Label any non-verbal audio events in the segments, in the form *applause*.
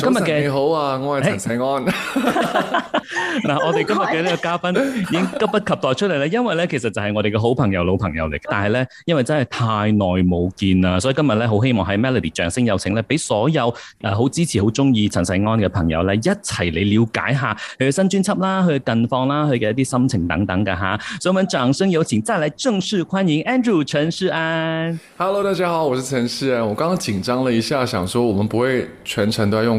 今日嘅你好啊，我係陳世安。 *laughs* 嗱、啊，我哋今日嘅呢個嘉賓已經急不及待出嚟啦，因為咧其實就係我哋嘅好朋友、老朋友嚟。但係咧，因為真係太耐冇見啦，所以今日咧好希望喺 Melody 掌聲有請咧，俾所有誒好支持、好中意陳世安嘅朋友咧一齊嚟了解下佢嘅新專輯啦，佢嘅近況啦，佢嘅一啲心情等等嘅吓。所以我們掌聲有請，再嚟正式歡迎 Andrew 陳世安。Hello，大家好，我是陳世安。我剛剛緊張了一下，想說我們不會全程都要用。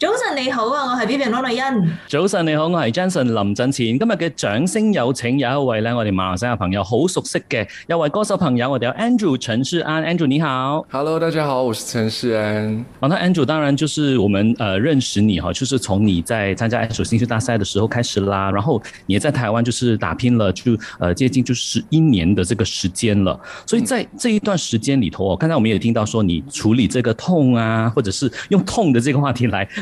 早晨你好啊，我係 Billie Jean Lo 李欣。早晨你好，我係 Jensen 林振前。今日嘅掌聲有請有一位咧，我哋馬來西亞朋友好熟悉嘅，一位歌手朋友，我哋叫 Andrew 陳世安。Andrew 你好。Hello，大家好，我是陳世安。啊，那 Andrew 當然就是我們誒、呃、認識你哈，就是從你在參加《歌手 *music* 》星趣大賽的時候開始啦。然後你在台灣就是打拼了就，就、呃、誒接近就十一年的這個時間了。所以在這一段時間裏頭、嗯，剛才我們也聽到說你處理這個痛啊，或者是用痛的這個話題來。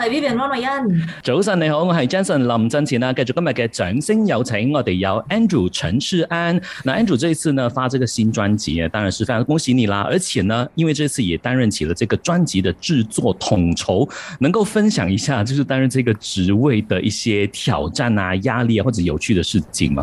係 Vivian 溫慧恩，早晨你好，我係 Jason 林振賢啦。繼續今日嘅掌聲有請，我哋有 Andrew 陳志安。嗱，Andrew 這一次呢發這個新專輯，當然是非常恭喜你啦。而且呢，因為這次也擔任起了這個專輯的製作統籌，能夠分享一下，就是擔任這個職位的一些挑戰啊、壓力啊，或者有趣的事情嗎？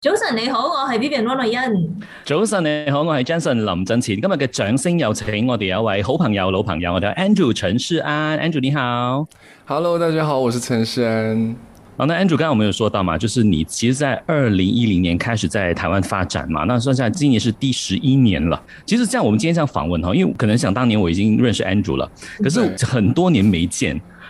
早晨你好，我係 Vivian 溫麗欣。早晨你好，我係 Jenson 林振前。今日嘅掌聲有請我哋一位好朋友老朋友，我哋叫 Andrew 陳世安。Andrew 你好，Hello 大家好，我是陳世安。啊、哦，那 Andrew 剛才我們有說到嘛，就是你其實在二零一零年開始在台灣發展嘛，那算下今年是第十一年了。其實，像我們今天這樣訪問哈，因為可能想當年我已經認識 Andrew 了，可是很多年沒見。